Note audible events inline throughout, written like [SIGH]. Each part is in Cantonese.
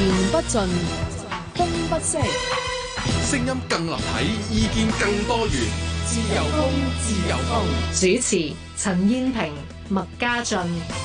言不盡，風不息，聲音更立體，意見更多元，自由風，自由風。主持：陳燕萍、麥嘉俊。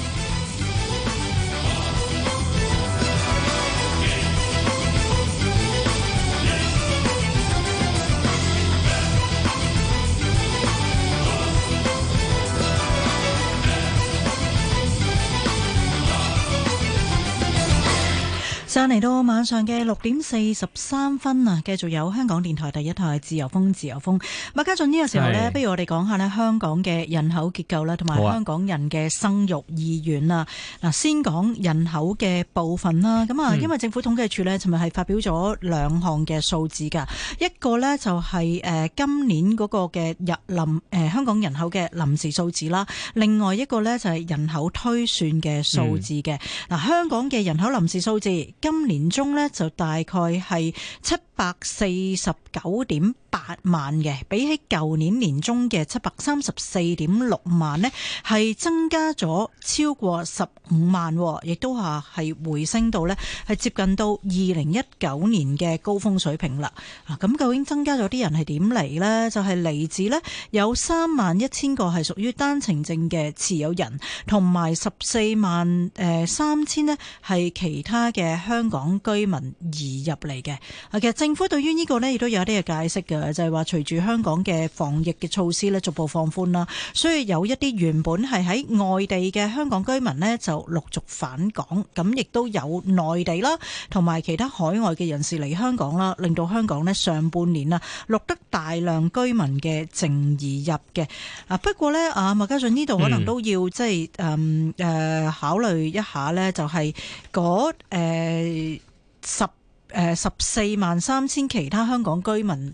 就嚟到晚上嘅六點四十三分啊！繼續有香港電台第一台《自由風》，自由風麥家俊呢，這個時候呢，的不如我哋講下呢香港嘅人口結構啦，同埋香港人嘅生育意願啦。嗱、啊，先講人口嘅部分啦。咁啊，因為政府統計處呢，尋日係發表咗兩項嘅數字噶，嗯、一個呢，就係誒今年嗰個嘅人臨誒香港人口嘅臨時數字啦，另外一個呢，就係人口推算嘅數字嘅。嗱、嗯，香港嘅人口臨時數字。今年中咧就大概係七百四十九點。八萬嘅，比起舊年年中嘅七百三十四點六萬呢，係增加咗超過十五萬，哦，亦都話係回升到呢，係接近到二零一九年嘅高峰水平啦。咁、啊、究竟增加咗啲人係點嚟呢？就係、係、嚟自呢，有三萬一千個係屬於單程證嘅持有人，同埋十四萬誒三、呃、千呢係其他嘅香港居民移入嚟嘅。啊，其實政府對於呢個呢，亦都有一啲嘅解釋嘅。就係話，隨住香港嘅防疫嘅措施咧逐步放寬啦，所以有一啲原本係喺外地嘅香港居民呢，就陸續返港，咁亦都有內地啦，同埋其他海外嘅人士嚟香港啦，令到香港呢，上半年啊錄得大量居民嘅淨而入嘅啊。不過呢，阿、啊、麥嘉俊呢度可能都要即係誒誒考慮一下呢，就係、是、嗰、呃、十誒、呃、十四萬三千其他香港居民。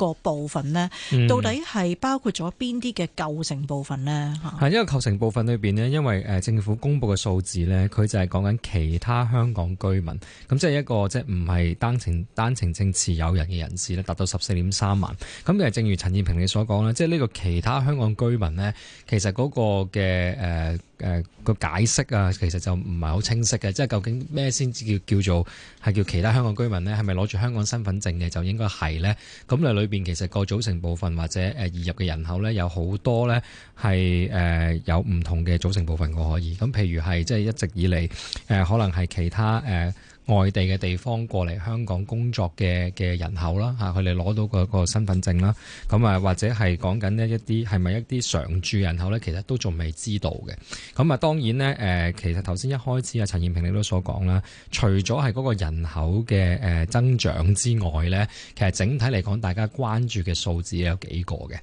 個部分呢，到底係包括咗邊啲嘅構成部分呢？嚇、嗯，係因為構成部分裏邊呢，因為誒政府公布嘅數字呢，佢就係講緊其他香港居民，咁即係一個即係唔係單程單程證持有人嘅人士呢，達到十四點三萬。咁其實正如陳燕平你所講啦，即係呢個其他香港居民呢，其實嗰個嘅誒誒個解釋啊，其實就唔係好清晰嘅，即係究竟咩先至叫叫做係叫其他香港居民呢？係咪攞住香港身份證嘅就應該係呢。咁邊，其實個組成部分或者移入嘅人口咧，有好多咧係誒有唔同嘅組成部分，我可以咁譬如係即係一直以嚟誒、呃，可能係其他誒。呃外地嘅地方過嚟香港工作嘅嘅人口啦，吓，佢哋攞到嗰個身份證啦，咁啊或者係講緊呢一啲係咪一啲常住人口咧，其實都仲未知道嘅。咁啊當然咧，誒，其實頭先一開始啊，陳燕平你都所講啦，除咗係嗰個人口嘅誒增長之外咧，其實整體嚟講，大家關注嘅數字有幾個嘅。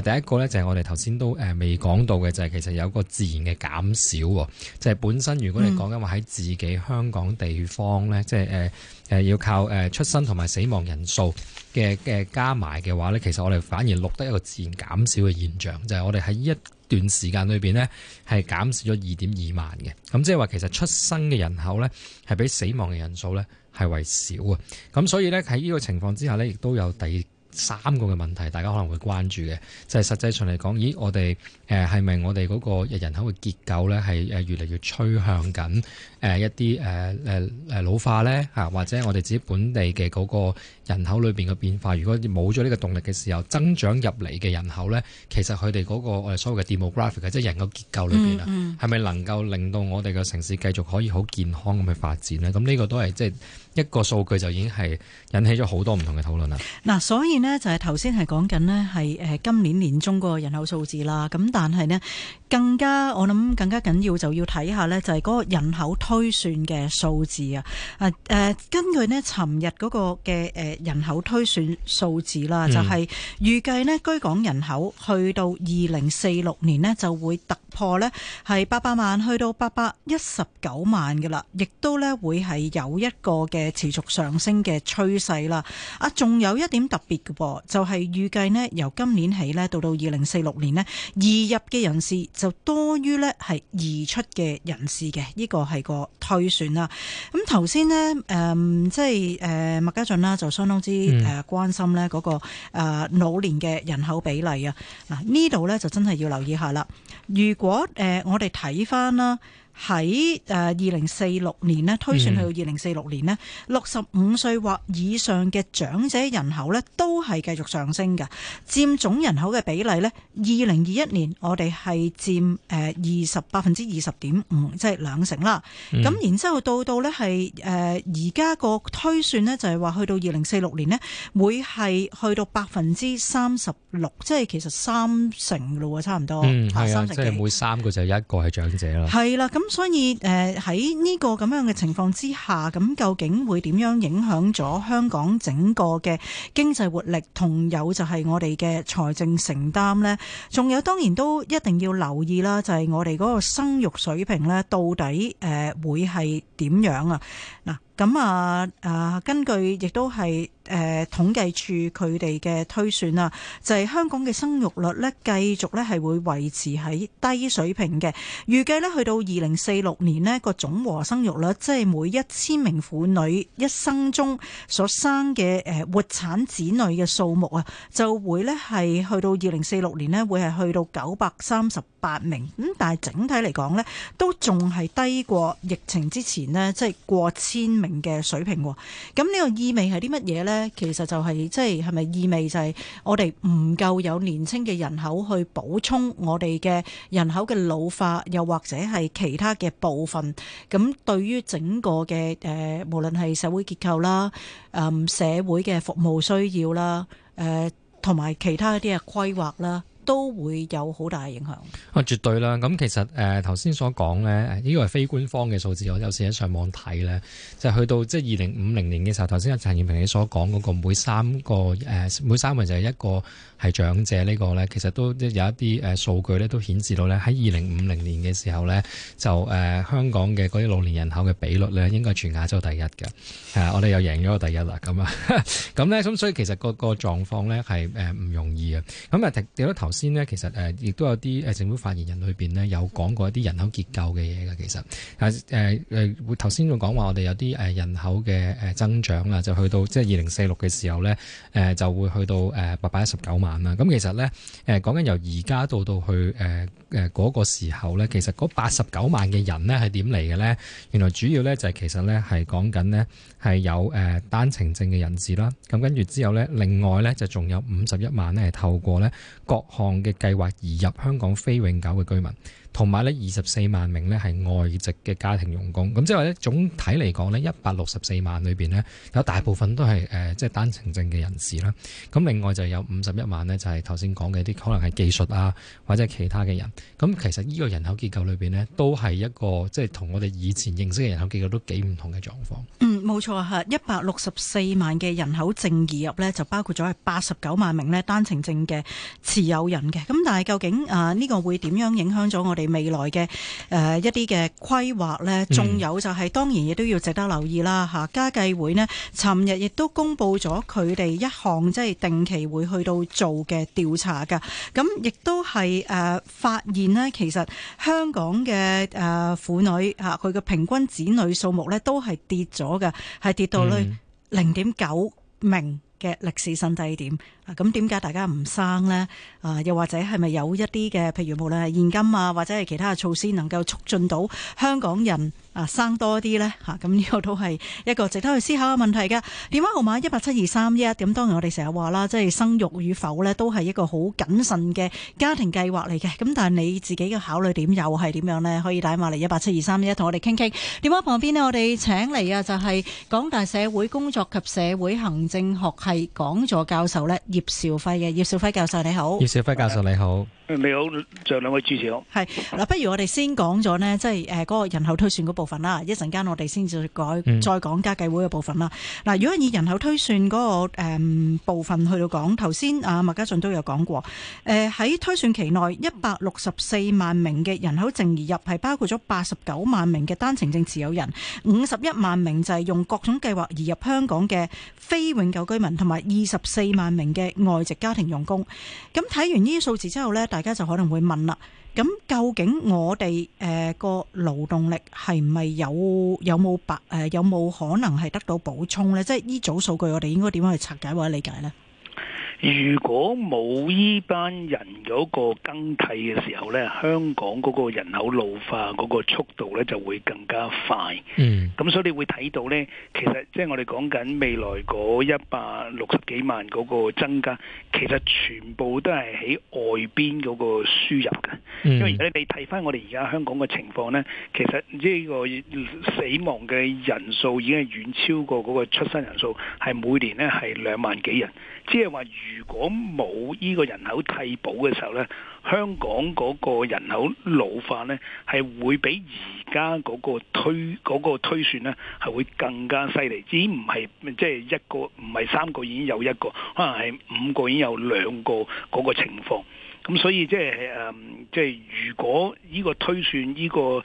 第一個呢，就係我哋頭先都未講到嘅，就係其實有個自然嘅減少喎。就係、是、本身如果你講緊話喺自己香港地方呢，即係、嗯、要靠出生同埋死亡人數嘅嘅加埋嘅話呢，其實我哋反而錄得一個自然減少嘅現象，就係、是、我哋喺一段時間裏面呢，係減少咗二點二萬嘅。咁即係話，其實出生嘅人口呢，係比死亡嘅人數呢，係為少啊。咁所以呢，喺呢個情況之下呢，亦都有第三個嘅問題，大家可能會關注嘅，即係實際上嚟講，咦，我哋。誒係咪我哋嗰個人口嘅結構咧係誒越嚟越趨向緊誒一啲誒誒誒老化咧嚇，或者我哋自己本地嘅嗰個人口裏邊嘅變化，如果冇咗呢個動力嘅時候，增長入嚟嘅人口咧，其實佢哋嗰個所謂嘅 demographic，即係人口結構裏邊啊，係咪、嗯嗯、能夠令到我哋嘅城市繼續可以好健康咁去發展咧？咁呢個都係即係一個數據就已經係引起咗好多唔同嘅討論啦。嗱、啊，所以呢，就係頭先係講緊呢，係誒今年年中嗰個人口數字啦，咁。但係呢，更加我諗更加緊要就要睇下呢，就係嗰個人口推算嘅數字啊！啊、呃、誒根據呢尋日嗰個嘅誒人口推算數字啦，嗯、就係預計呢居港人口去到二零四六年呢就會突破呢係八百萬去到八百一十九萬噶啦，亦都呢會係有一個嘅持續上升嘅趨勢啦！啊，仲有一點特別嘅，就係預計呢由今年起呢到到二零四六年呢。二。入嘅人士就多於咧係移出嘅人士嘅，呢個係個推算啦。咁頭先呢，誒、嗯，即係誒，麥家俊啦，就相當之誒關心咧嗰個誒老年嘅人口比例啊。嗱、嗯，呢度咧就真係要留意一下啦。如果誒我哋睇翻啦。喺誒二零四六年咧，推算去到二零四六年呢，六十五歲或以上嘅長者人口呢都係繼續上升嘅，佔總人口嘅比例呢，二零二一年我哋係佔誒二十百分之二十點五，即係兩成啦。咁、嗯、然之後到到呢係誒而家個推算呢，就係話去到二零四六年呢，會係去到百分之三十六，即係其實三成咯，差唔多。嗯，係啊，多即係每三個就係一個係長者啦。係啦、啊，咁。咁、嗯、所以誒喺呢個咁樣嘅情況之下，咁究竟會點樣影響咗香港整個嘅經濟活力，同有就係我哋嘅財政承擔咧？仲有當然都一定要留意啦，就係、是、我哋嗰個生育水平咧，到底誒、呃、會係點樣啊？嗱。咁啊，誒、啊、根據亦都係誒統計處佢哋嘅推算啊，就係、是、香港嘅生育率咧，繼續咧係會維持喺低水平嘅。預計咧去到二零四六年咧，個總和生育率，即係每一千名婦女一生中所生嘅誒、啊、活產子女嘅數目啊，就會咧係去到二零四六年咧會係去到九百三十八名。咁但係整體嚟講咧，都仲係低過疫情之前咧，即、就、係、是、過千。嘅水平，咁呢個意味係啲乜嘢咧？其實就係即係係咪意味就係我哋唔夠有年青嘅人口去補充我哋嘅人口嘅老化，又或者係其他嘅部分？咁對於整個嘅誒，無論係社會結構啦，誒社會嘅服務需要啦，誒同埋其他一啲嘅規劃啦，都會有好大影響。啊，絕對啦！咁其實誒頭先所講咧，呢、這個係非官方嘅數字。我有時喺上網睇咧，就是、去到即係二零五零年嘅時候，頭先阿陳燕平你所講嗰、那個每三個、呃、每三個就係一個係長者呢、這個咧，其實都有一啲誒數據咧都顯示到咧，喺二零五零年嘅時候咧，就誒、呃、香港嘅嗰啲老年人口嘅比率咧，應該係全亞洲第一嘅。啊、呃，我哋又贏咗個第一啦！咁啊，咁咧咁所以其實、那個、那個狀況咧係誒唔容易嘅。咁啊掉咗頭。先呢，其實誒亦都有啲誒政府發言人裏邊呢，有講過一啲人口結構嘅嘢嘅，其實，但係誒誒，頭先仲講話我哋有啲誒人口嘅誒增長啦，就去到即係二零四六嘅時候呢，誒、呃、就會去到誒八百一十九萬啦。咁其實呢，誒講緊由而家到到去誒誒嗰個時候呢，其實嗰八十九萬嘅人呢係點嚟嘅呢？原來主要呢，就係、係、其實呢係講緊呢係有誒單程證嘅人士啦。咁跟住之後呢，另外呢，就仲有五十一萬呢係透過呢，各項嘅計劃移入香港非永久嘅居民。同埋呢二十四萬名呢係外籍嘅家庭傭工，咁即係話咧總體嚟講呢，一百六十四萬裏面呢，有大部分都係即係單程證嘅人士啦。咁另外就有五十一萬呢，就係頭先講嘅啲可能係技術啊或者其他嘅人。咁其實呢個人口結構裏面呢，都係一個即係同我哋以前認識嘅人口結構都幾唔同嘅狀況。嗯，冇錯啊一百六十四萬嘅人口淨流入呢，就包括咗係八十九萬名呢單程證嘅持有人嘅。咁但係究竟啊呢個會點樣影響咗我哋？未來嘅誒一啲嘅規劃咧，仲有就係、是嗯、當然亦都要值得留意啦。吓，家計會呢，尋日亦都公布咗佢哋一項即係定期會去到做嘅調查噶，咁亦都係誒發現呢，其實香港嘅誒婦女吓佢嘅平均子女數目呢，都係跌咗嘅，係跌到呢零點九名。嘅歷史新低點，啊，咁點解大家唔生咧？啊，又或者係咪有一啲嘅，譬如無論係現金啊，或者係其他嘅措施，能夠促進到香港人？啊，生多啲呢，咁呢個都係一個值得去思考嘅問題㗎。電話號碼一八七二三一，咁當然我哋成日話啦，即係生育與否呢，都係一個好謹慎嘅家庭計劃嚟嘅。咁但係你自己嘅考慮點又係點樣呢？可以打電話嚟一八七二三一同我哋傾傾。電話旁邊呢，我哋請嚟啊，就係港大社會工作及社會行政學系講座教授呢，葉兆輝嘅。葉兆輝教授你好。葉兆輝教授你好。你好，就兩位主持好。係嗱，不如我哋先講咗呢，即係誒嗰個人口推算嗰部分啦。一陣間我哋先至改，嗯、再講家計會嘅部分啦。嗱，如果以人口推算嗰個誒部分去到講，頭先阿麥嘉俊都有講過，誒、呃、喺推算期內一百六十四萬名嘅人口淨移入，係包括咗八十九萬名嘅單程證持有人，五十一萬名就係用各種計劃移入香港嘅非永久居民，同埋二十四萬名嘅外籍家庭傭工。咁睇完呢啲數字之後咧。大家就可能會問啦，咁究竟我哋誒個勞動力係唔係有有冇白有冇可能係得到補充呢？即係呢組數據，我哋應該點樣去拆解或者理解呢？如果冇依班人嗰個更替嘅時候咧，香港嗰個人口老化嗰個速度咧就會更加快。嗯，咁所以你會睇到咧，其實即係我哋講緊未來嗰一百六十幾萬嗰個增加，其實全部都係喺外邊嗰個輸入嘅。Mm. 因為而家你睇翻我哋而家香港嘅情況咧，其實呢個死亡嘅人數已經係遠超過嗰個出生人數，係每年咧係兩萬幾人，即係話如。如果冇呢個人口替補嘅時候呢，香港嗰個人口老化呢，係會比而家嗰個推嗰個推算呢，係會更加犀利。已經唔係即係一個，唔係三個已經有一個，可能係五個已經有兩個嗰個情況。咁所以即係誒，即係如果呢個推算呢個誒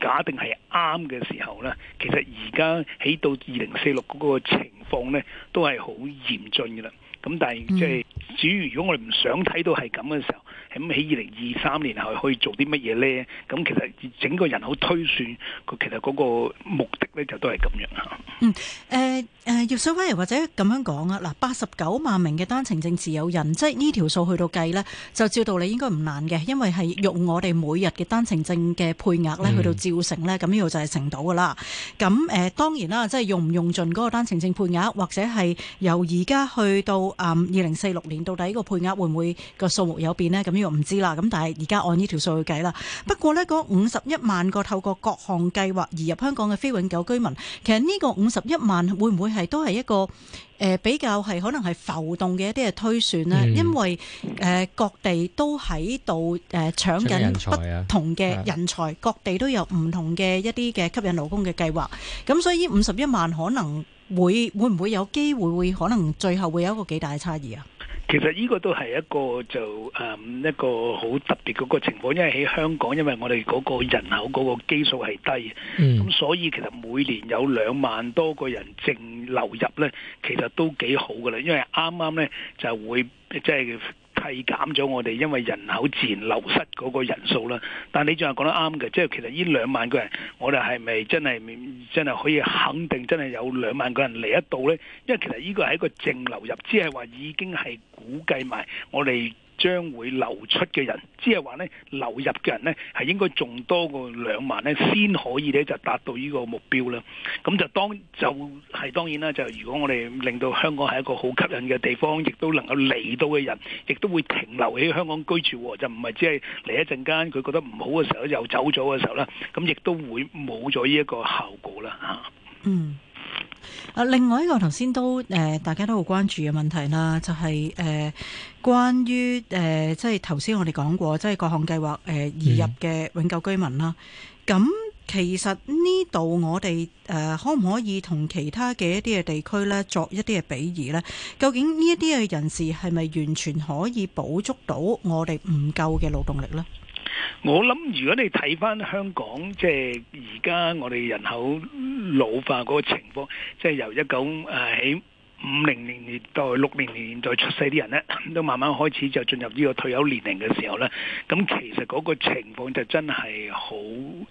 假定係啱嘅時候呢，其實而家起到二零四六嗰個情況呢都係好嚴峻嘅啦。咁但係即係，至於如果我哋唔想睇到係咁嘅時候。咁喺二零二三年後可以做啲乜嘢咧？咁其實整個人口推算，佢其實嗰個目的咧就都係咁樣嚇。嗯，誒誒，葉兆輝又或者咁樣講啊嗱，八十九萬名嘅單程證持有人，即係呢條數去到計咧，就照道理應該唔難嘅，因為係用我哋每日嘅單程證嘅配額咧，去到照成咧，咁呢度就係成到噶啦。咁誒，當然啦，即係用唔用盡嗰個單程證配額，或者係由而家去到誒二零四六年，到底個配額會唔會個數目有變咧？咁呢個唔知啦，咁但係而家按呢條數去計啦。不過呢，嗰五十一萬個透過各項計劃移入香港嘅非永久居民，其實呢個五十一萬會唔會係都係一個誒、呃、比較係可能係浮動嘅一啲嘅推算呢？嗯、因為誒、呃、各地都喺度誒搶緊不同嘅人才，人才啊、各地都有唔同嘅一啲嘅吸引勞工嘅計劃。咁所以五十一萬可能會會唔會有機會會可能最後會有一個幾大嘅差異啊？其實呢個都係一個就誒、嗯、一個好特別嗰個情況，因為喺香港，因為我哋嗰個人口嗰個基數係低，咁、嗯、所以其實每年有兩萬多個人淨流入呢，其實都幾好噶啦，因為啱啱呢就會即係。就是替減咗我哋，因為人口自然流失嗰個人數啦。但你仲係講得啱嘅，即係其實呢兩萬個人，我哋係咪真係真係可以肯定，真係有兩萬個人嚟得到呢？因為其實呢個係一個淨流入，只係話已經係估計埋我哋。將會流出嘅人，即係話呢流入嘅人呢，係應該仲多過兩萬呢，先可以呢就達到呢個目標啦。咁就當就係當然啦，就如果我哋令到香港係一個好吸引嘅地方，亦都能夠嚟到嘅人，亦都會停留喺香港居住，就唔係只係嚟一陣間佢覺得唔好嘅時候又走咗嘅時候啦。咁亦都會冇咗呢一個效果啦。嚇，嗯。另外一個頭先都誒，才大家都好關注嘅問題啦，就係、是、誒、呃、關於誒、呃、即係頭先我哋講過，即係各項計劃誒移入嘅永久居民啦。咁、嗯、其實呢度我哋誒、呃、可唔可以同其他嘅一啲嘅地區呢作一啲嘅比擬呢？究竟呢一啲嘅人士係咪完全可以補足到我哋唔夠嘅勞動力呢？我諗，如果你睇翻香港，即係而家我哋人口老化嗰個情況，即係由一九誒喺五零年代、六零年代出世啲人呢，都慢慢開始就進入呢個退休年齡嘅時候呢。咁其實嗰個情況就真係好誒，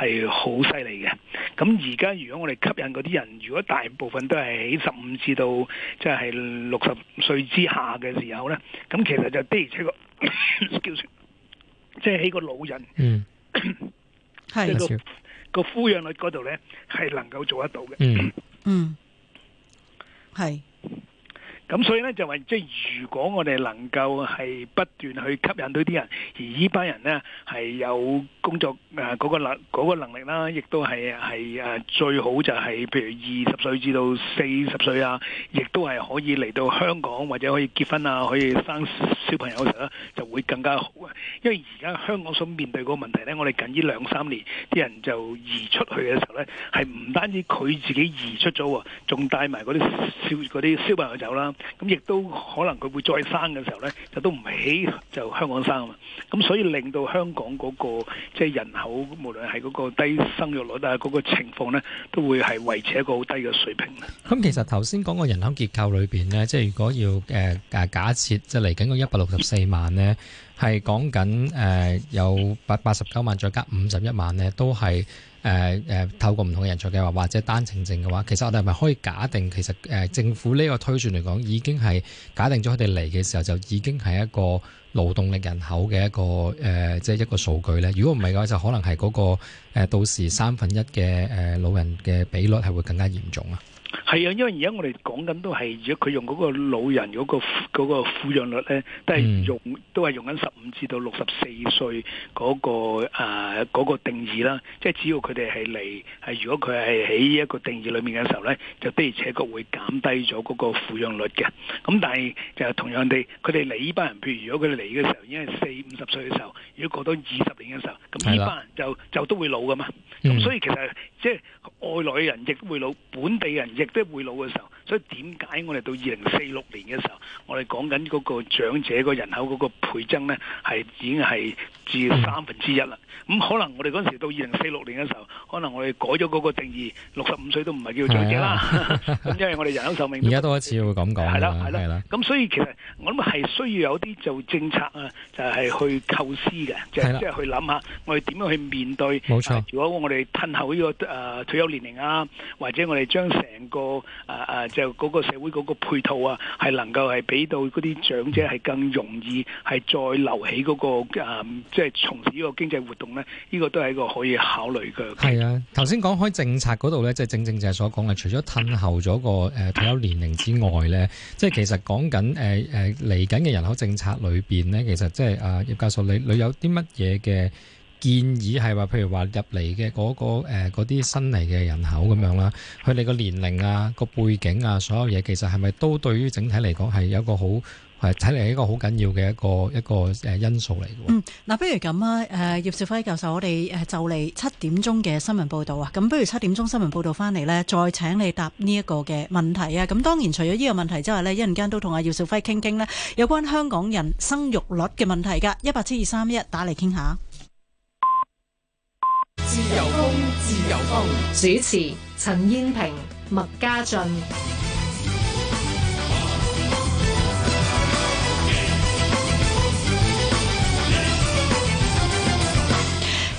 係好犀利嘅。咁而家如果我哋吸引嗰啲人，如果大部分都係喺十五至到即係六十歲之下嘅時候呢，咁其實就的而且確即係喺個老人，喺、那個的個扶養率嗰度咧，係能夠做得到嘅。嗯，係。 [COUGHS] 嗯咁所以咧就話，即係如果我哋能夠係不斷去吸引到啲人，而呢班人呢係有工作誒，嗰個能嗰個能力啦，亦都係係最好就係譬如二十歲至到四十歲啊，亦都係可以嚟到香港或者可以結婚啊，可以生小朋友嘅時候咧，就會更加好啊！因為而家香港所面對個問題呢，我哋近呢兩三年啲人就移出去嘅時候呢，係唔單止佢自己移出咗喎，仲帶埋嗰啲小嗰啲小朋友走啦。咁亦都可能佢會再生嘅時候咧，就都唔喺就香港生啊嘛，咁所以令到香港嗰個即係人口，無論係嗰個低生育率啊，嗰個情況咧，都會係維持一個好低嘅水平。咁其實頭先講嘅人口結構裏邊咧，即係如果要誒誒假設，即係嚟緊嗰一百六十四萬咧，係講緊誒有八八十九萬再加五十一萬咧，都係。誒誒、呃，透過唔同嘅人才計劃或者單程證嘅話，其實我哋係咪可以假定其實誒、呃、政府呢個推算嚟講已經係假定咗佢哋嚟嘅時候就已經係一個勞動力人口嘅一個誒，即、呃、係、即係、一個數據咧？如果唔係嘅話，就可能係嗰、嗰個、呃、到時三分一嘅誒老人嘅比率係會更加嚴重啊！係啊，因為而家我哋講緊都係，如果佢用嗰個老人嗰個嗰個撫養率咧，都係用都係用緊十五至到六十四歲嗰個誒嗰個定義啦。即係只要佢哋係嚟，係如果佢係喺一個定義裏面嘅時候咧，就的而且確會減低咗嗰個撫養率嘅。咁但係就同樣地，佢哋嚟呢班人，譬如如果佢哋嚟嘅時候已經係四五十歲嘅時候，如果過到二十年嘅時候，咁呢班人就是的 就都會老噶嘛。咁、嗯、所以其實即係外來人亦會老，本地人。亦都會老嘅時候。所以點解我哋到二零四六年嘅時候，我哋講緊嗰個長者個人口嗰個倍增咧，係已經係至三分之一啦。咁、嗯嗯、可能我哋嗰陣時候到二零四六年嘅時候，可能我哋改咗嗰個定義，六十五歲都唔係叫長者啦。咁了 [LAUGHS] 因為我哋人口壽命而家都開始會咁講。係啦，係啦。咁了了所以其實我諗係需要有啲做政策啊，就係、是、去構思嘅，即係即係去諗下我哋點樣去面對。冇錯、啊。如果我哋褪後呢、這個誒、呃、退休年齡啊，或者我哋將成個誒誒。呃呃就嗰個社會嗰個配套啊，係能夠係俾到嗰啲長者係更容易係再留起嗰、那個即係、嗯就是、從事呢個經濟活動咧，呢、這個都係一個可以考慮嘅。係啊，頭先講開政策嗰度咧，即、就、係、是、正正就係所講嘅，除咗褪後咗個誒、呃、退休年齡之外咧，即係其實講緊誒誒嚟緊嘅人口政策裏邊咧，其實即係啊，葉教授你你有啲乜嘢嘅？建議係話，譬如話入嚟嘅嗰個嗰啲、呃、新嚟嘅人口咁樣啦，佢哋個年齡啊、個背景啊、所有嘢，其實係咪都對於整體嚟講係有一個好係睇嚟一個好緊要嘅一個一個誒因素嚟嘅？嗯，嗱，不如咁啊，誒葉兆輝教授，我哋誒就嚟七點鐘嘅新聞報導啊，咁不如七點鐘新聞報導翻嚟呢，再請你答呢一個嘅問題啊！咁當然除咗呢個問題之外呢，一陣間都同阿葉兆輝傾傾咧，有關香港人生育率嘅問題噶，一八七二三一打嚟傾下。自由風，自由風。主持：陳燕萍、麥家俊。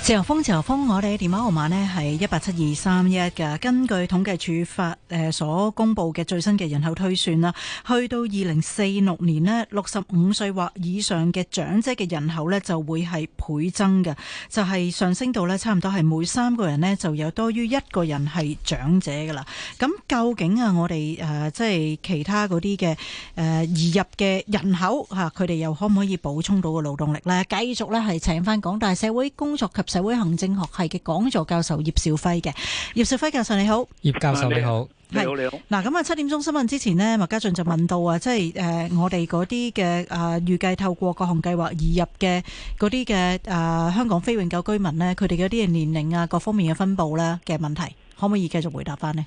自由風，自由風，我哋嘅電話號碼呢係一八七二三一噶。根據統計處發誒所公布嘅最新嘅人口推算啦，去到二零四六年呢，六十五歲或以上嘅長者嘅人口呢就會係倍增嘅，就係、是、上升到呢，差唔多係每三個人呢，就有多於一個人係長者噶啦。咁究竟啊，我哋誒即係其他嗰啲嘅誒移入嘅人口吓，佢、啊、哋又可唔可以補充到個勞動力呢？繼續呢，係請翻港大社會工作及社會行政學系嘅講座教授葉兆輝嘅，葉兆輝教授你好，葉教授你好，是你好。嗱咁啊七點鐘新聞之前呢，麥家俊就問到啊，即係誒，我哋嗰啲嘅啊，預、呃、計透過各項計劃移入嘅嗰啲嘅香港非永久居民呢，佢哋嗰啲嘅年齡啊，各方面嘅分布啦嘅問題，可唔可以繼續回答翻呢？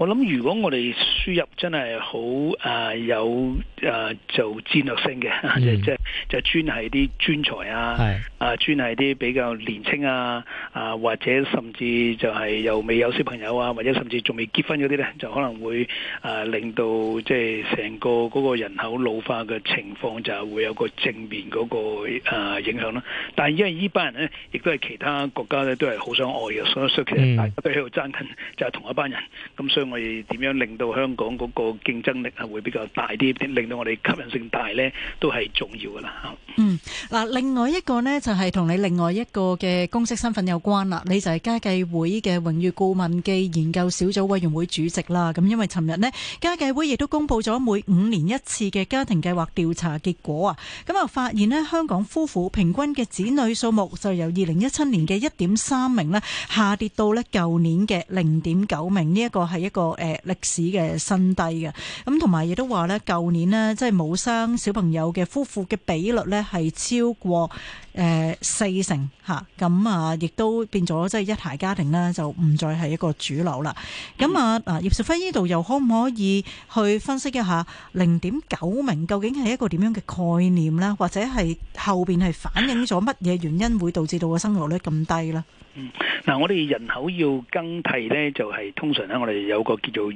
我諗，如果我哋輸入真係好誒、啊、有誒、啊，就戰略性嘅，即係即係專係啲專才啊，是啊專係啲比較年輕啊，啊或者甚至就係又未有小朋友啊，或者甚至仲未結婚嗰啲咧，就可能會誒、啊、令到即係成個嗰個人口老化嘅情況就會有個正面嗰、嗰個、啊、影響咯。但係因為呢班人咧，亦都係其他國家咧都係好想愛嘅，所以所其實大家都喺度爭緊就係同一班人咁，所以。我哋點樣令到香港嗰個競爭力啊會比較大啲，令到我哋吸引性大咧，都係重要噶啦嚇。嗯，嗱，另外一個咧就係同你另外一個嘅公職身份有關啦。你就係家計會嘅榮譽顧問暨研究小組委員會主席啦。咁因為尋日咧，家計會亦都公布咗每五年一次嘅家庭計劃調查結果啊。咁啊，發現咧香港夫婦平均嘅子女數目就由二零一七年嘅一點三名咧，下跌到咧舊年嘅零點九名。呢一個係一個個誒歷史嘅新低嘅，咁同埋亦都話咧，舊年咧，即係冇生小朋友嘅夫婦嘅比率咧，係超過。誒四成嚇，咁啊，亦都變咗即係一孩家庭咧，就唔再係一個主流啦。咁啊，葉兆輝，依度又可唔可以去分析一下零點九名究竟係一個點樣嘅概念咧？或者係後邊係反映咗乜嘢原因會導致到個生育率咁低咧？嗯，嗱，我哋人口要更替咧，就係通常咧，我哋有個叫做二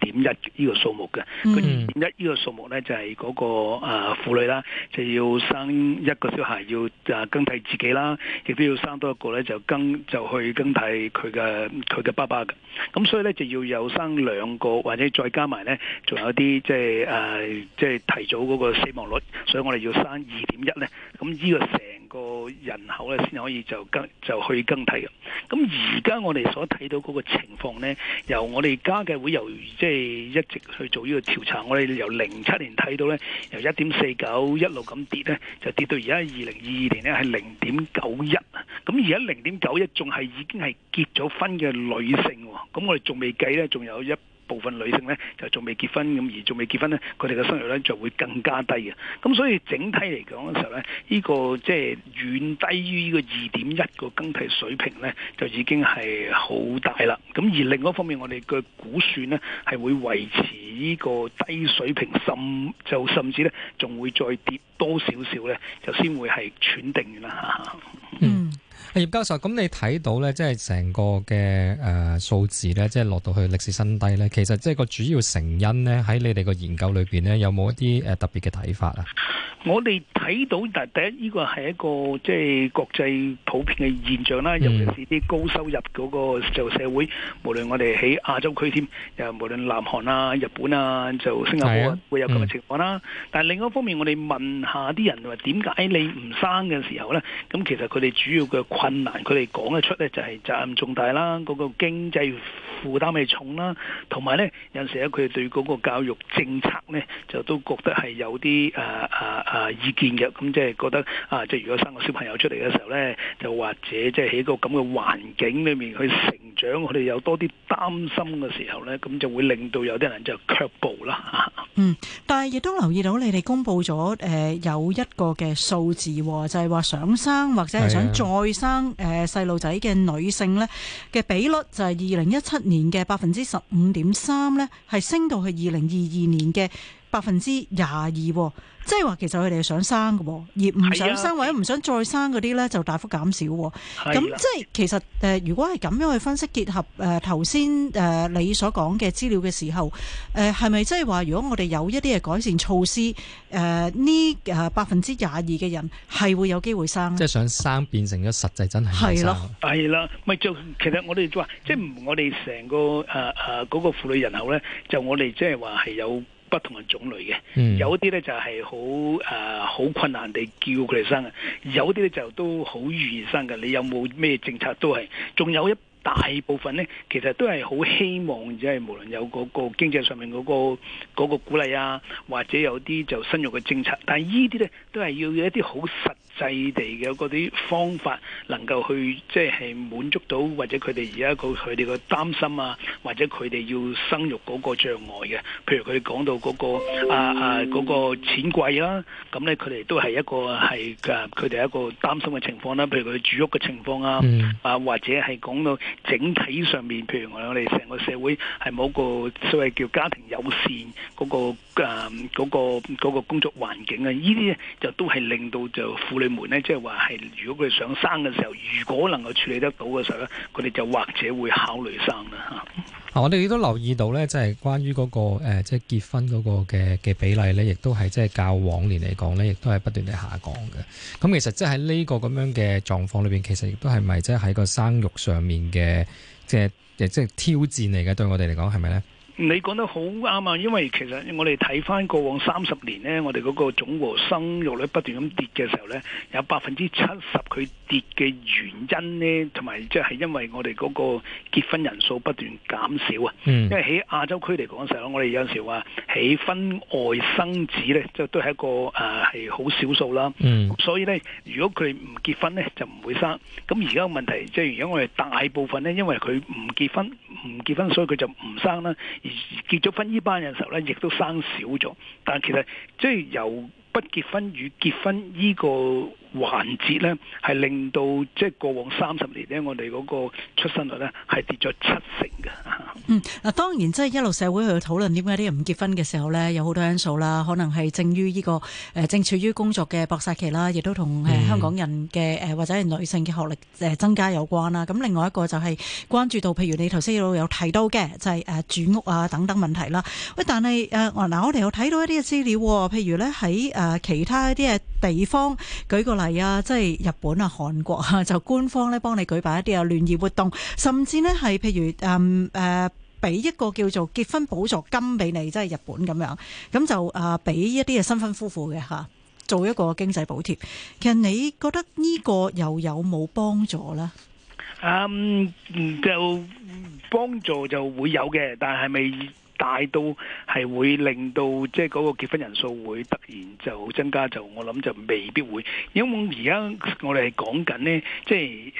點一依個數目嘅。嗯。個二點一依個數目咧，就係嗰個誒婦女啦，就要生一個小孩要誒。更替自己啦，亦都要生多一個咧，就更就去更替佢嘅佢嘅爸爸嘅。咁所以咧，就要有生兩個或者再加埋咧，仲有啲即係誒即係提早嗰個死亡率，所以我哋要生二點一咧。咁呢個成個人口咧，先可以就更就去更替嘅。咁而家我哋所睇到嗰個情況咧，由我哋家計會由即係、就是、一直去做呢個調查，我哋由零七年睇到咧，由一點四九一路咁跌咧，就跌到而家二零二二年咧。係零點九一啊，咁而家零點九一仲係已經係結咗婚嘅女性，咁我哋仲未計咧，仲有一。部分女性咧就仲未結婚咁，而仲未結婚咧，佢哋嘅生育率就會更加低嘅。咁所以整體嚟講嘅時候咧，呢個即係遠低於呢個二點一個更替水平咧，就已經係好大啦。咁而另一方面，我哋嘅估算咧係會維持呢個低水平，甚就甚至咧仲會再跌多少少咧，就先會係喘定啦嚇。葉教授，咁你睇到咧、呃，即係成個嘅誒數字咧，即係落到去歷史新低咧，其實即係個主要成因咧，喺你哋個研究裏邊咧，有冇一啲、呃、特別嘅睇法啊？我哋睇到，但第一呢個係一個即係國際普遍嘅現象啦，尤其是啲高收入嗰個就社會，嗯、無論我哋喺亞洲區添，又無論南韓啊、日本啊，就新加坡呀會有咁嘅情況啦。嗯、但係另一方面，我哋問下啲人話點解你唔生嘅時候咧？咁其實佢哋主要嘅困難，佢哋講得出咧，就係責任重大啦，嗰個經濟負擔係重啦，同埋咧有陣時咧，佢哋對嗰個教育政策咧，就都覺得係有啲誒誒誒意見嘅。咁即係覺得啊，即係如果生個小朋友出嚟嘅時候咧，就或者即係喺個咁嘅環境裏面去成長，佢哋有多啲擔心嘅時候咧，咁就會令到有啲人就卻步啦。嗯，但係亦都留意到你哋公布咗誒有一個嘅數字，就係話想生或者係想再生，生誒細路仔嘅女性呢嘅比率，就係二零一七年嘅百分之十五點三呢，係升到去二零二二年嘅百分之廿二，即係話其實佢哋係想生嘅，而唔想生、啊、或者唔想再生嗰啲咧就大幅減少。咁、啊、即係其實誒、呃，如果係咁樣去分析結合誒頭先誒你所講嘅資料嘅時候，誒係咪即係話如果我哋有一啲嘅改善措施，誒呢誒百分之廿二嘅人係會有機會生的？即係、啊、想生變成咗實際真係。係咯、啊，係啦、啊，咪就其實我哋都話，即、就、係、是、我哋成個誒誒嗰個婦女人口咧，就我哋即係話係有。不同嘅種類嘅，嗯、有啲咧就係好誒好困難地叫佢哋生嘅，有啲咧就都好願意生嘅。你有冇咩政策都係？仲有一大部分咧，其實都係好希望，即、就、係、是、無論有嗰個經濟上面嗰、嗰個嗰個鼓勵啊，或者有啲就生育嘅政策，但係呢啲咧都係要有一啲好實。制地嘅嗰啲方法能夠，能夠去即係滿足到或者佢哋而家佢佢哋嘅擔心啊，或者佢哋要生育嗰個障礙嘅，譬如佢哋講到嗰、嗰個、mm. 啊啊嗰、嗰個錢貴啦，咁咧佢哋都係一個係誒佢哋一個擔心嘅情況啦，譬如佢住屋嘅情況啊，啊、mm. 或者係講到整體上面，譬如我哋成個社會係冇個所謂叫家庭友善嗰、嗰個。嗰、嗯嗰個嗰、嗰個工作環境啊，呢啲咧就都係令到就婦女們呢，即係話係如果佢想生嘅時候，如果能夠處理得到嘅時候咧，佢哋就或者會考慮生啦吓、啊。我哋亦都留意到呢，即、就、係、係、關於嗰、嗰個誒、呃，即係結婚嗰個嘅嘅比例呢，亦都係即係較往年嚟講呢，亦都係不斷地下降嘅。咁其實即係喺呢個咁樣嘅狀況裏邊，其實亦都係咪即係喺個生育上面嘅即係即係挑戰嚟嘅，對我哋嚟講係咪呢？你講得好啱啊！因為其實我哋睇翻過往三十年咧，我哋嗰個總和生育率不斷咁跌嘅時候咧，有百分之七十佢跌嘅原因咧，同埋即係因為我哋嗰個結婚人數不斷減少啊。嗯、因為喺亞洲區嚟講時候我哋有時話起婚外生子咧，即都係一個誒係好少數啦。所以咧，如果佢唔結婚咧，就唔會生。咁而家嘅問題即係，如果我哋大部分咧，因為佢唔結婚，唔結婚所以佢就唔生啦。結咗婚呢班人時候咧，亦都生少咗。但係其實即係由不結婚與結婚呢、這個。環節呢係令到即係過往三十年呢，我哋嗰個出生率呢係跌咗七成嘅。嗯，嗱當然即係一路社會去討論點解啲人唔結婚嘅時候呢，有好多因素啦，可能係正於呢、呢個誒正處於工作嘅搏殺期啦，亦都同誒香港人嘅誒、嗯、或者係女性嘅學歷誒增加有關啦。咁另外一個就係關注到，譬如你頭先有提到嘅就係誒住屋啊等等問題啦。喂，但係誒嗱，我哋有睇到一啲資料，譬如呢喺誒其他一啲嘢地方舉個例啊，即係日本啊、韓國啊，就官方咧幫你舉辦一啲啊聯誼活動，甚至呢係譬如誒誒，俾一個叫做結婚補助金俾你，即係日本咁樣，咁就啊俾一啲嘅新婚夫婦嘅嚇做一個經濟補貼。其實你覺得呢個又有冇幫助呢？嗯，就幫助就會有嘅，但係未大到係會令到即係嗰個結婚人數會突然就增加，就我諗就未必會，因為而家我哋係講緊呢，即係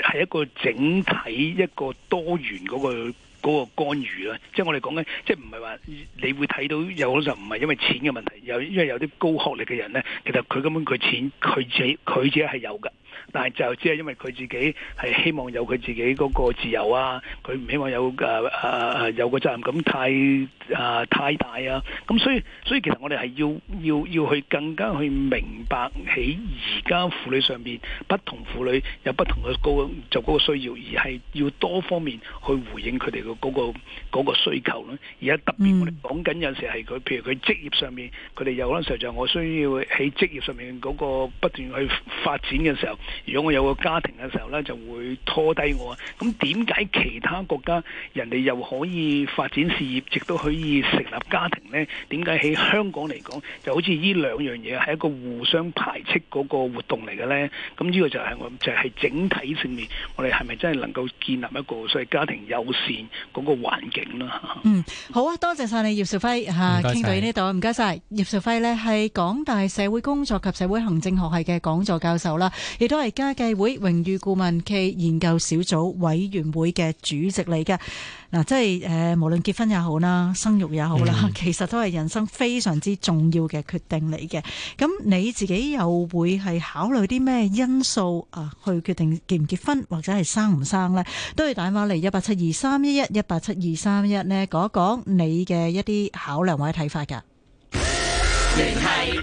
誒係一個整體一個多元嗰個嗰個干預啦。即係我哋講緊，即係唔係話你會睇到有就唔係因為錢嘅問題，因為有啲高學歷嘅人呢，其實佢根本佢錢佢自己佢自己係有㗎。但係就只係因為佢自己係希望有佢自己嗰個自由啊，佢唔希望有誒、啊啊、有個責任感太誒、啊、太大啊，咁所以所以其實我哋係要要要去更加去明白喺而家婦女上面，不同婦女有不同嘅就嗰個需要，而係要多方面去回應佢哋嘅嗰個需求咯、啊。而家特別我哋講緊有時係佢譬如佢職業上面，佢哋有陣時候就係我需要喺職業上面嗰個不斷去發展嘅時候。如果我有個家庭嘅時候咧，就會拖低我。咁點解其他國家人哋又可以發展事業，直都可以成立家庭咧？點解喺香港嚟講，就好似呢兩樣嘢係一個互相排斥嗰個活動嚟嘅咧？咁呢個就係我就係整體上面，我哋係咪真係能夠建立一個所謂家庭友善嗰個環境咧？嗯，好啊，多謝曬你葉兆輝嚇，傾到呢度，唔該曬葉兆輝咧，係港大社會工作及社會行政學系嘅講座教授啦，亦都係。家計會榮譽顧問暨研究小組委員會嘅主席嚟嘅，嗱，即係誒，無論結婚也好啦，生育也好啦，是是是其實都係人生非常之重要嘅決定嚟嘅。咁你自己又會係考慮啲咩因素啊？去決定結唔結婚或者係生唔生呢？都要打電話嚟一八七二三一一一八七二三一呢，講一講你嘅一啲考量或者睇法噶。人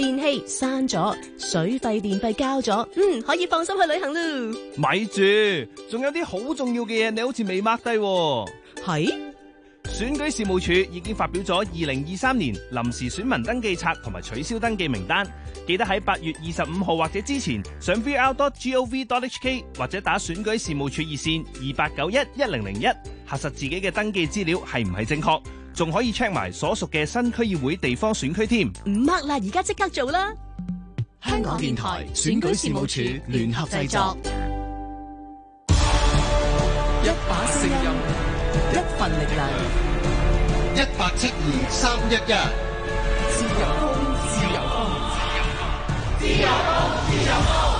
電器閂咗，水費、電費交咗，嗯，可以放心去旅行咯。咪住，仲有啲好重要嘅嘢，你好似未擘低。係是選舉事務處已經發表咗二零二三年臨時選民登記冊同埋取消登記名單，記得喺八月二十五號或者之前上 vr.gov.hk 或者打選舉事務處熱線二八九一一零零一核實自己嘅登記資料係唔係正確。仲可以 check 埋所屬嘅新區議會地方選區添，唔得啦！而家即刻做啦！香港電台選舉事務處聯合製作，一把聲音，一份力量，一八七二三一一，自由風，自由風，自由風，自由風。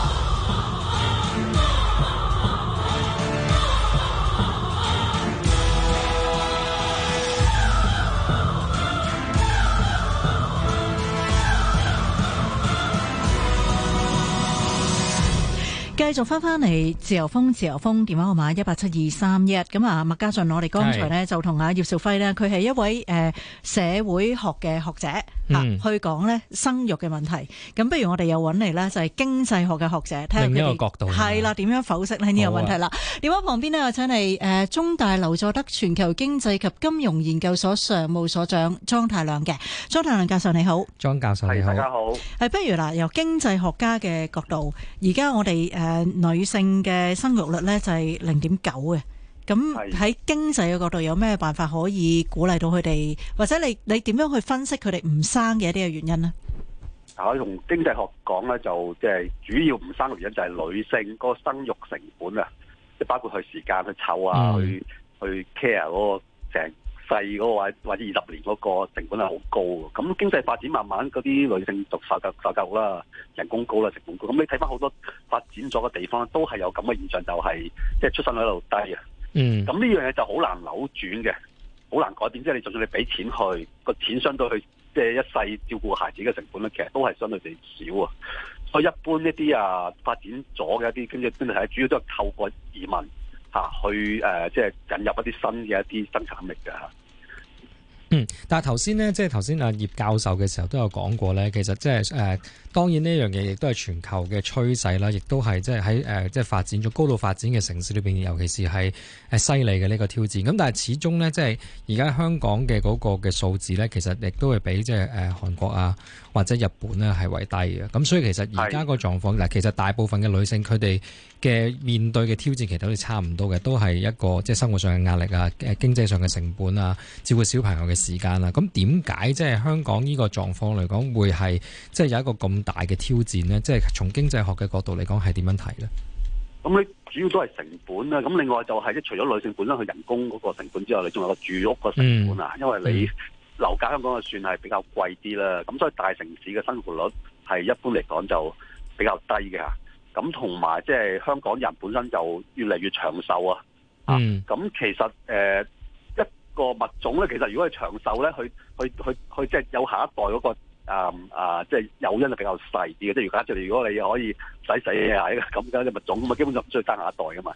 繼續翻翻嚟自由風，自由風電話號碼一八七二三一。咁啊，麥家俊，我哋剛才呢就同啊葉兆輝呢，佢係是一位誒、呃、社會學嘅學者、嗯啊、去講呢生育嘅問題。咁不如我哋又揾嚟呢，就係、是、經濟學嘅學者，睇下佢度有有，係啦點樣剖析呢呢個問題啦。電話、啊、旁邊呢，有請嚟誒、呃、中大劉佐德全球經濟及金融研究所常務所長莊太量嘅莊太量教授你好，莊教授，係大家好。係、啊、不如嗱，由經濟學家嘅角度，而家我哋誒、呃，女性嘅生育率咧，就係零點九嘅，咁喺經濟嘅角度是有咩辦法可以鼓勵到佢哋？或者你你點樣去分析佢哋唔生嘅一啲嘅原因呢？啊、我從經濟學講咧，就即係主要唔生嘅原因就係女性嗰個生育成本啊，即包括去時間去湊啊，去去 care 嗰個成。第二個或或者二十年嗰個成本係好高，咁經濟發展慢慢嗰啲女性就受教，受教育啦，人工高啦，成本高，咁你睇翻好多發展咗嘅地方，都係有咁嘅現象，就係即係出生率喺度低啊。嗯，咁呢樣嘢就好難扭轉嘅，好難改變。即係你就算你俾錢去個錢，相對去即係一世照顧孩子嘅成本咧，其實都係相對地少啊。所以一般呢啲啊發展咗嘅一啲經濟，真係主要都係透過移民嚇去誒，即係引入一啲新嘅一啲生產力嘅嗯，但係頭先呢，即係頭先阿葉教授嘅時候都有講過呢。其實即係誒，當然呢樣嘢亦都係全球嘅趨勢啦，亦都係即係喺誒即係發展咗高度發展嘅城市裏邊，尤其是係誒犀利嘅呢個挑戰。咁但係始終呢，即係而家香港嘅嗰個嘅數字呢，其實亦都係比即係誒韓國啊，或者日本呢係為低嘅，咁所以其實而家個狀況嗱，是其實大部分嘅女性佢哋嘅面對嘅挑戰其實都係差唔多嘅，都係一個即係、就是、生活上嘅壓力啊，經濟上嘅成本啊，照顧小朋友嘅時間啊，咁點解即係香港呢個狀況嚟講會係即係有一個咁大嘅挑戰呢？即係從經濟學嘅角度嚟講係點樣睇呢？咁你主要都係成本啦，咁另外就係即除咗女性本身佢人工嗰個成本之外，你仲有個住屋個成本啊，嗯、因為你。你樓價香港就算係比較貴啲啦。咁所以大城市嘅生活率係一般嚟講就比較低嘅嚇。咁同埋即係香港人本身就越嚟越長壽啊。嗯。咁、啊、其實誒、呃、一個物種咧，其實如果係長壽咧，佢佢佢佢即係有下一代嗰、那個啊即係誘因就比較細啲嘅。即係而家即係如果你可以使死啊，依個咁嘅物種咁啊，基本上唔需要生下一代噶嘛。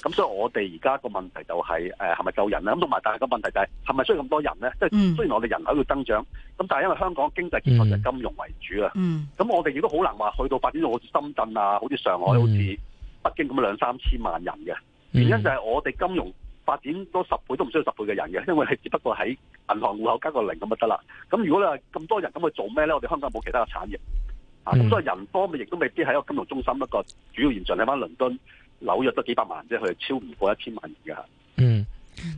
咁、啊、所以我哋而家個問題就係、是，誒係咪夠人咧？咁同埋，但係個問題就係、是，係咪需要咁多人咧？即係、嗯、雖然我哋人口要增長，咁但係因為香港嘅經濟基礎就係金融為主啊。咁、嗯、我哋亦都好難話去到發展到好似深圳啊，好似上海、好似、嗯、北京咁兩三千萬人嘅原因就係我哋金融發展多十倍都唔需要十倍嘅人嘅，因為係只不過喺銀行戶口加個零咁就得啦。咁如果你話咁多人咁去做咩咧？我哋香港冇其他嘅產業啊，咁、嗯啊、所以人多咪亦都未必喺一個金融中心一個主要現象，你翻倫敦紐約得幾百萬即係，佢超唔過一千萬嘅。嗯，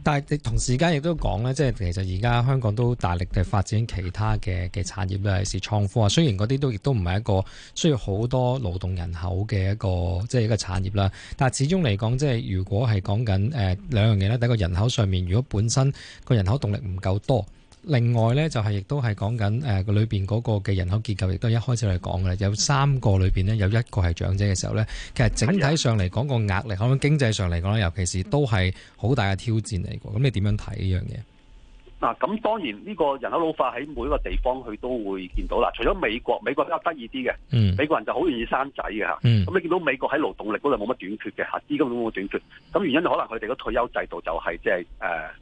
但係你同時間亦都講咧，即係其實而家香港都大力地發展其他嘅嘅產業啦，尤其是創科啊。雖然嗰啲都亦都唔係一個需要好多勞動人口嘅一個即係、就是、一個產業啦，但係始終嚟講，即係如果係講緊誒兩樣嘢咧，第一個人口上面，如果本身個人口動力唔夠多。另外咧，就係亦都係講緊誒裏邊嗰個嘅人口結構，亦都一開始嚟講嘅啦。有三個裏邊咧，有一個係長者嘅時候咧，其實整體上嚟講個壓力，可能經濟上嚟講咧，尤其是都係好大嘅挑戰嚟嘅。咁你點樣睇呢樣嘢？嗱，咁當然呢個人口老化喺每一個地方佢都會見到啦。除咗美國，美國比較得意啲嘅，美國人就好容易生仔嘅嚇。咁、嗯、你見到美國喺勞動力嗰度冇乜短缺嘅嚇，資金都冇短缺？咁原因可能佢哋嘅退休制度就係即係誒，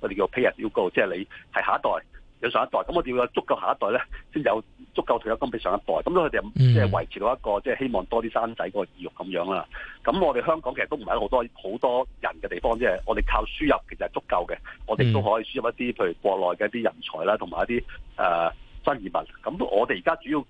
我、呃、哋叫 pay as you go，即係你係下一代。有上一代，咁我哋要有足夠下一代咧，先有足夠退休金俾上一代，咁咧佢哋即係維持到一個即係、嗯、希望多啲生仔嗰個意欲咁樣啦。咁我哋香港其實都唔係好多好多人嘅地方，即係我哋靠輸入其實係足夠嘅，我哋都可以輸入一啲譬如國內嘅一啲人才啦，同埋一啲誒新移民。咁我哋而家主要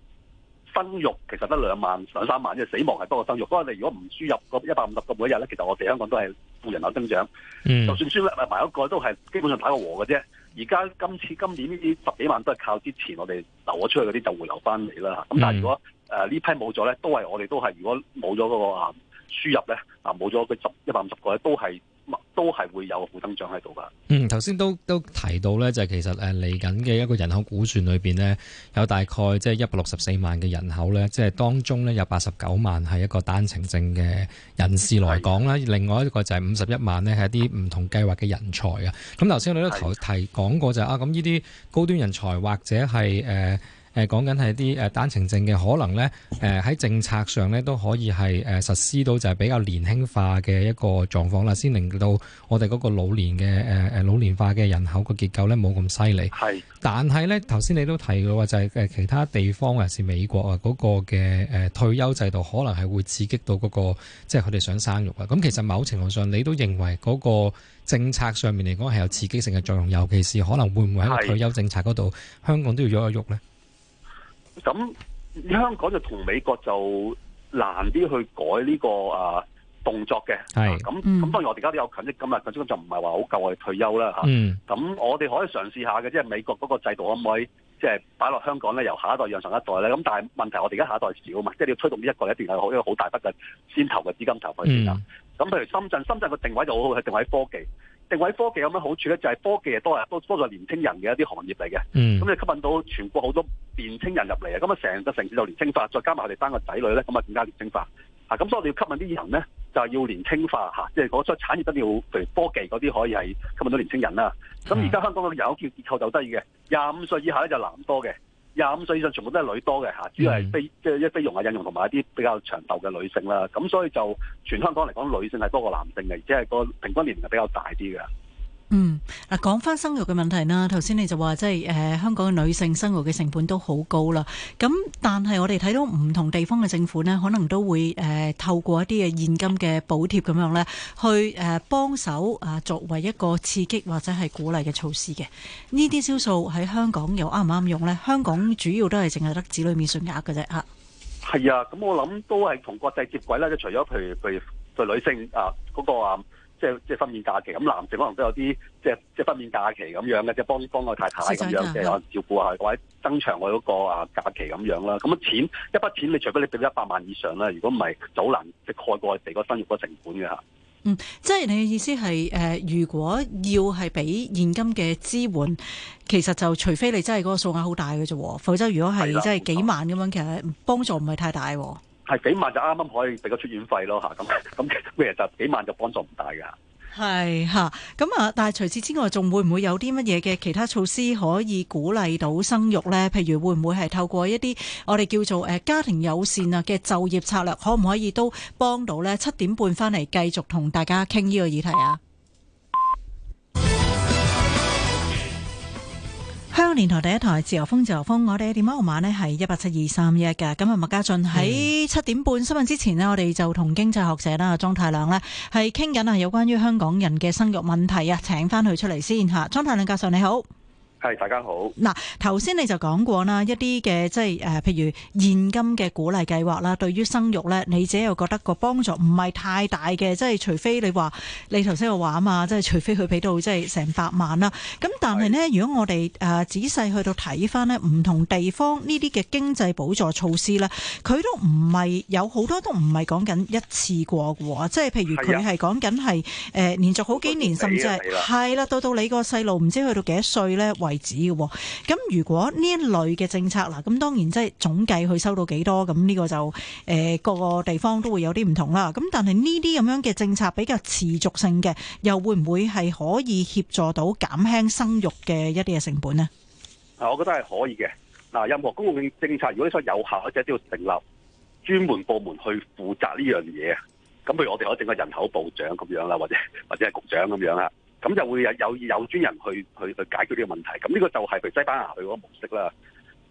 生育其實得兩萬兩三萬，即係死亡係多過生育。咁我哋如果唔輸入嗰一百五十個每一日咧，其實我哋香港都係負人口增長。嗯、就算輸入埋埋一個都係基本上打個和嘅啫。而家今次今年呢啲十幾萬都係靠之前我哋留咗出去嗰啲就回流翻嚟啦吓，咁但係如果誒、呃、呢批冇咗咧，都係我哋都係如果冇咗嗰個啊輸入咧啊冇咗嗰十一百五十個咧，都係。都係會有負增長喺度噶。嗯，頭先都都提到呢，就係其實誒嚟緊嘅一個人口估算裏邊呢，有大概即係一百六十四萬嘅人口呢，即係當中呢有八十九萬係一個單程證嘅人士來講啦。的另外一個就係五十一萬呢係一啲唔同計劃嘅人才啊。咁頭先你都提講過就啊，咁呢啲高端人才或者係誒。呃誒講緊係啲單程證嘅可能咧，喺、呃、政策上咧都可以係誒、呃、實施到就係比較年輕化嘅一個狀況啦，先令到我哋嗰個老年嘅、呃、老年化嘅人口嘅結構咧冇咁犀利。是但係咧頭先你都提到話就係、是、其他地方係是美國啊嗰、那個嘅、呃、退休制度可能係會刺激到嗰、那個即係佢哋想生育啊。咁其實某程度上你都認為嗰個政策上面嚟講係有刺激性嘅作用，尤其是可能會唔會喺退休政策嗰度是香港都要喐一喐咧？咁香港就同美國就難啲去改呢、呢個啊動作嘅，咁咁當然我哋而家都有強積金啊，咁積金就唔係話好夠我退休啦，咁我哋可以嘗試下嘅，即係美國嗰個制度可唔可以即係擺落香港咧？由下一代養上一代咧，咁但係問題我哋而家下一代少嘛，即係你要推動呢一個，一定係一個好大筆嘅先投嘅資金投去先啦。咁、嗯、譬如深圳，深圳個定位就好好係定位科技。定位科技有咩好處咧？就係、是、科技又多係多多係年青人嘅一啲行業嚟嘅，咁、mm. 你吸引到全國好多年青人入嚟啊！咁啊，成個城市就年青化，再加埋我哋單個仔女咧，咁啊更加年青化咁、啊、所以我哋要吸引啲人咧，就係要年青化即係嗰出產業都要，譬如科技嗰啲可以係吸引到年青人啦咁而家香港嘅人口結構就得意嘅，廿五歲以下咧就男多嘅。呀，咁所以就全部都係女多嘅嚇，主要係非，即係一菲傭啊、印傭同埋一啲比較長壽嘅女性啦，咁所以就全香港嚟講，女性係多過男性嘅，而且係個平均年齡係比較大啲嘅。嗯，嗱，講翻生育嘅問題啦，頭先你就話即係誒、呃，香港嘅女性生活嘅成本都好高啦。咁但係我哋睇到唔同地方嘅政府呢，可能都會誒、呃、透過一啲嘅現金嘅補貼咁樣呢，去誒幫手啊，作為一個刺激或者係鼓勵嘅措施嘅。呢啲招數喺香港又啱唔啱用呢？香港主要都係淨係得子女免稅額嘅啫，吓。係啊，咁我諗都係同國際接軌啦。除咗譬如譬如對女性啊嗰、那個啊。即係即係分娩假期，咁男性可能都有啲即係即係分娩假期咁樣嘅，即係幫幫我太太咁樣，即的照顧下或者增長我嗰個啊假期咁樣啦。咁啊錢一筆錢，筆錢你除非你俾一百萬以上啦，如果唔係，早難即係蓋過我哋個生育個成本嘅吓。嗯，即係你嘅意思係誒，如果要係俾現金嘅支援，其實就除非你真係嗰個數額好大嘅啫，否則如果係真係幾萬咁樣，的其實幫助唔係太大。係幾萬就啱啱可以畀個出院費咯吓，咁咁其實就幾萬就幫助唔大噶。係吓，咁啊，但係除此之外，仲會唔會有啲乜嘢嘅其他措施可以鼓勵到生育呢？譬如會唔會係透過一啲我哋叫做誒家庭友善啊嘅就業策略，可唔可以都幫到咧？七點半翻嚟繼續同大家傾呢個議題啊！香港電台第一台自由風，自由風，我哋嘅電話號碼呢係一八七二三一一嘅。咁啊，麥家俊喺七點半新聞之前呢，嗯、我哋就同經濟學者啦，莊太量呢係傾緊啊，有關於香港人嘅生育問題啊，請翻佢出嚟先吓。莊太量教授你好。係，大家好。嗱，頭先你就講過啦，一啲嘅即係誒，譬如現金嘅鼓勵計劃啦，對於生育咧，你自己又覺得個幫助唔係太大嘅，即係除非你話你頭先我話啊嘛，即係除非佢俾到即係成百萬啦。咁但係呢，是如果我哋誒仔細去到睇翻呢唔同地方呢啲嘅經濟補助措施咧，佢都唔係有好多都唔係講緊一次過喎，即係譬如佢係講緊係誒連續好幾年，的甚至係係啦，到你到你個細路唔知去到幾多歲咧係，咁如果呢一類嘅政策嗱，咁當然即係總計佢收到幾多少，咁呢個就誒個個地方都會有啲唔同啦。咁但係呢啲咁樣嘅政策比較持續性嘅，又會唔會係可以協助到減輕生育嘅一啲嘅成本呢？我覺得係可以嘅。嗱，任何公共政策，如果你想有效，或者都要成立專門部門去負責呢樣嘢。咁譬如我哋可以整個人口部長咁樣啦，或者或者係局長咁樣啦。咁就會有有有專人去去去解決呢個問題。咁呢個就係譬如西班牙佢嗰個模式啦。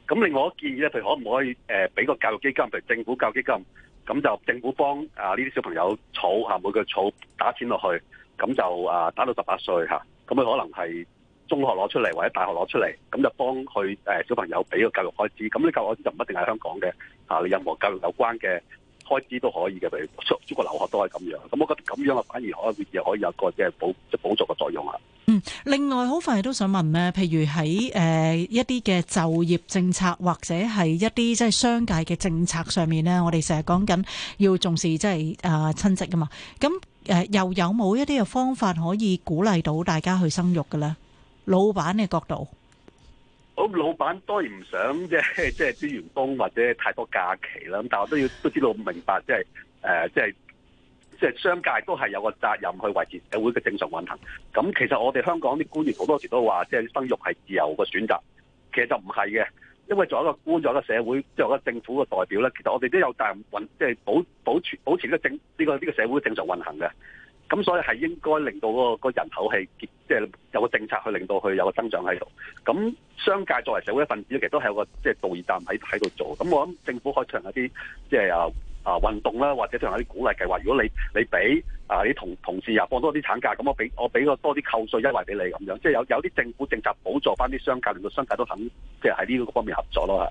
咁另外我建議咧，佢可唔可以誒俾個教育基金，譬如政府教育基金，咁就政府幫啊呢啲小朋友儲嚇每個儲打錢落去，咁就啊打到十八歲嚇，咁佢可能係中學攞出嚟或者大學攞出嚟，咁就幫佢誒小朋友俾個教育開支。咁呢教育開支就唔一定係香港嘅嚇，你任何教育有關嘅開支都可以嘅，譬如出出國留學都係咁樣。咁我覺得咁樣啊，反而可以又可以有個即係補即係補助嘅作用啊。嗯，另外好快都想問咧，譬如喺誒一啲嘅就業政策，或者係一啲即係商界嘅政策上面咧，我哋成日講緊要重視即係誒親戚噶嘛。咁誒又有冇一啲嘅方法可以鼓勵到大家去生育嘅咧？老闆嘅角度。咁，老闆當然唔想即係即係啲員工或者太多假期啦。咁，但係我都要都知道明白，即係誒，即係即係商界都係有個責任去維持社會嘅正常運行。咁其實我哋香港啲官員好多時都話，即係生育係自由嘅選擇，其實就唔係嘅，因為作為一個官，作為一個社會，作為一個政府嘅代表咧，其實我哋都有責任運即係保保持保持呢個正呢個呢個社會正常運行嘅。咁所以係應該令到嗰個人口係即係有個政策去令到佢有個增長喺度。咁商界作為社會一份子，其實都係有個即係道義站喺喺度做。咁我諗政府可以進行一啲即係啊啊運動啦，或者進行一啲鼓勵計劃。如果你你俾啊你同同事又放多啲產假，咁我俾我俾個多啲扣稅優惠俾你咁樣，即係有有啲政府政策補助翻啲商界，令到商界都肯即係喺呢個方面合作咯。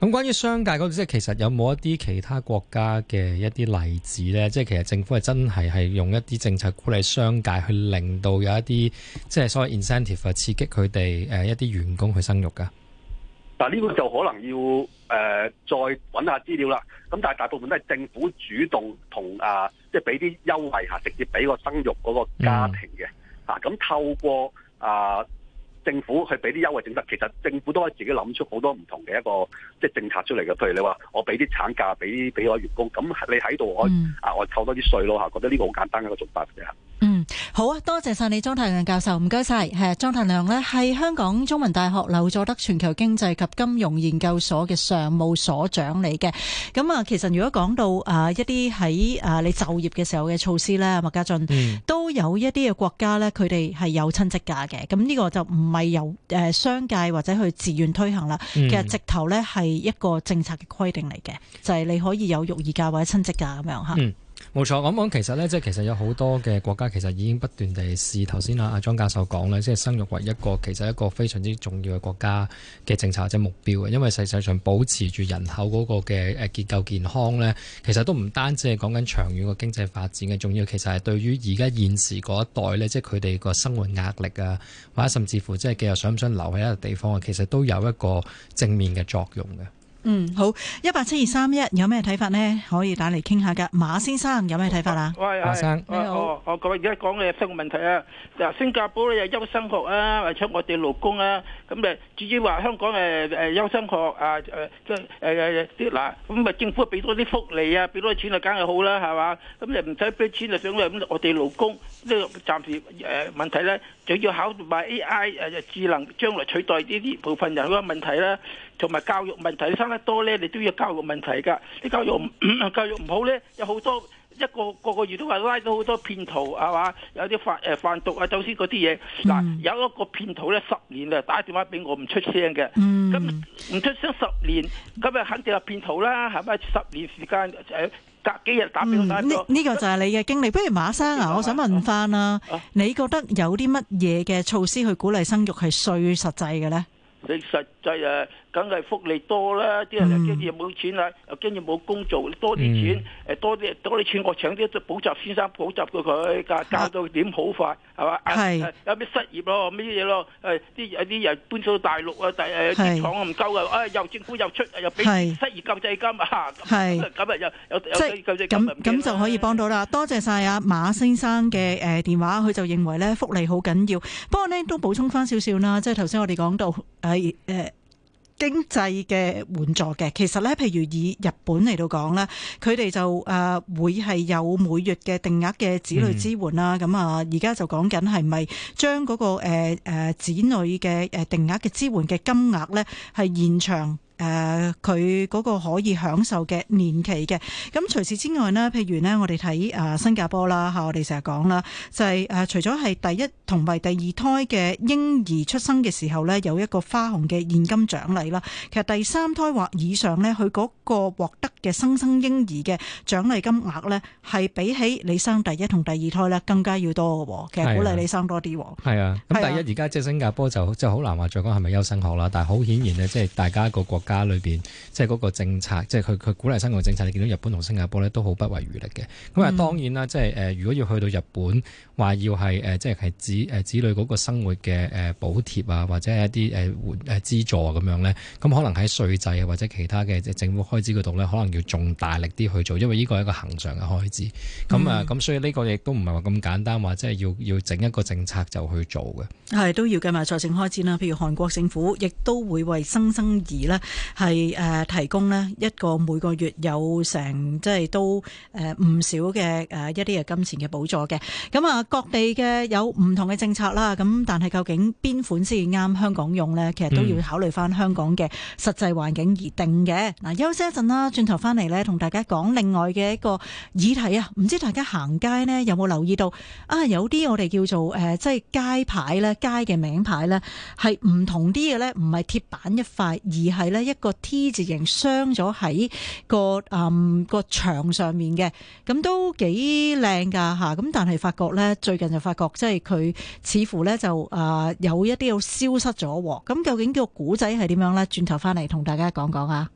咁關於商界嗰啲，即係其實有冇一啲其他國家嘅一啲例子咧？即係其實政府係真係係用一啲政策鼓勵商界去令到有一啲，即係所謂 incentive 啊，刺激佢哋誒一啲員工去生育噶。嗱、啊，呢、呢個就可能要誒、呃、再揾下資料啦。咁但係大部分都係政府主動同啊、呃，即係俾啲優惠下直接俾個生育嗰個家庭嘅嚇。咁、嗯啊、透過啊。呃政府去俾啲優惠政策，其實政府都可以自己諗出好多唔同嘅一個即係政策出嚟嘅。譬如你話我俾啲產假俾俾我員工，咁你喺度我、嗯、啊我扣多啲稅咯嚇，覺得呢個好簡單嘅一個做法嘅、就是。好啊，多謝晒你，莊太量教授，唔該晒。係莊太量呢，係香港中文大學劉佐德全球經濟及金融研究所嘅常務所長嚟嘅。咁啊，其實如果講到啊一啲喺啊你就業嘅時候嘅措施咧，麥家俊都有一啲嘅國家咧，佢哋係有親職假嘅。咁呢個就唔係由誒商界或者去自願推行啦。嗯、其實直頭咧，係一個政策嘅規定嚟嘅，就係、是、你可以有育兒假或者親職假咁樣吓。嗯冇錯，咁講其實呢，即係其實有好多嘅國家，其實已經不斷地試頭先啊，阿莊教授講呢，即係生育為一個其實一個非常之重要嘅國家嘅政策，或者目標嘅。因為事實上保持住人口嗰個嘅誒結構健康呢，其實都唔單止係講緊長遠嘅經濟發展嘅重要，其實係對於而家現時嗰一代呢，即係佢哋個生活壓力啊，或者甚至乎即係佢又想唔想留喺一個地方啊，其實都有一個正面嘅作用嘅。嗯，好，一八七二三一有咩睇法呢？可以打嚟傾下噶，馬先生有咩睇法啦？喂，阿生，你好，我各位而家講嘅生活問題啊，嗱，新加坡咧有優生學啊，或者我哋勞工啊，咁誒，至於話香港誒誒優生學啊誒即係誒誒啲嗱，咁啊政府啊俾多啲福利啊，俾多啲錢就梗係好啦，係嘛，咁你唔使俾錢就相當於咁我哋勞工呢個暫時誒問題咧，就要考埋 AI 誒智能將來取代呢啲部分人嗰個問題啦。同埋教育問題，你生得多咧，你都要教育問題噶。你教育不教育唔好咧，有好多一個個個月都話拉到好多騙徒係嘛？有啲犯誒販毒啊，走私嗰啲嘢。嗱、嗯，有一個騙徒咧，十年啊，打電話俾我唔出聲嘅。咁唔、嗯、出聲十年，咁啊肯定係騙徒啦。係咪十年時間誒隔、呃、幾日打電話呢？呢、嗯、個就係你嘅經歷。不如馬生啊，我想問翻啦，啊、你覺得有啲乜嘢嘅措施去鼓勵生育係最實際嘅咧？你就係梗係福利多啦！啲人又跟住又冇錢啦，又跟住冇工做，多啲錢誒，多啲多啲錢，我請啲補習先生補習過佢，教教到點好快，係嘛？係有啲失業咯，咩嘢咯？啲有啲人搬咗大陸但啊，第誒啲廠唔夠又政府又出又俾失業救濟金咁是啊又、啊、是救濟金咁就，就可以幫到啦。多謝晒阿馬先生嘅、呃、電話，佢就認為咧福利好緊要，不過呢，都補充翻少少啦。即係頭先我哋講到、哎呃經濟嘅援助嘅，其實咧，譬如以日本嚟到講咧，佢哋就誒、呃、會係有每月嘅定額嘅子女支援啦。咁啊、嗯，而家就講緊係咪將嗰個誒、呃、子女嘅誒定額嘅支援嘅金額咧，係延長？誒佢嗰個可以享受嘅年期嘅，咁除此之外呢，譬如呢，我哋睇啊新加坡啦，嚇我哋成日講啦，就係、是、誒、啊、除咗係第一同埋第二胎嘅嬰兒出生嘅時候呢，有一個花紅嘅現金獎勵啦。其實第三胎或以上呢，佢嗰個獲得嘅新生，生嬰兒嘅獎勵金額呢，係比起你生第一同第二胎呢更加要多嘅喎。其實鼓勵你生多啲。係啊，咁、啊、第一而家即係新加坡就即係好難話再講係咪優生學啦，但係好顯然呢，即、就、係、是、大家個國。家裏邊即係嗰個政策，即係佢佢鼓勵生活政策，你見到日本同新加坡咧都好不遺餘力嘅。咁啊、嗯，當然啦，即係誒，如果要去到日本，話要係誒，即係係子誒子女嗰個生活嘅誒補貼啊，或者一啲誒援誒資助咁樣咧，咁可能喺稅制或者其他嘅政府開支嗰度咧，可能要重大力啲去做，因為呢個係一個恒常嘅開支。咁、嗯、啊，咁所以呢個亦都唔係話咁簡單，話即係要要整一個政策就去做嘅。係、嗯嗯、 [NOISE] 都要計埋財政開支啦。譬如韓國政府亦都會為生生育咧。係誒提供呢一個每個月有成即係都誒唔少嘅誒一啲嘅金錢嘅補助嘅。咁啊，各地嘅有唔同嘅政策啦。咁但係究竟邊款先至啱香港用呢？其實都要考慮翻香港嘅實際環境而定嘅。嗱，休息一陣啦，轉頭翻嚟呢，同大家講另外嘅一個議題啊。唔知大家行街呢有冇留意到啊？有啲我哋叫做誒即係街牌呢，街嘅名牌呢係唔同啲嘅呢，唔係鐵板一塊，而係呢。一個 T 字形傷咗喺個誒、嗯、個牆上面嘅，咁都幾靚噶吓，咁但係發覺咧，最近就發覺即係佢似乎咧就誒、呃、有一啲要消失咗，咁、啊、究竟個古仔係點樣咧？轉頭翻嚟同大家講講啊！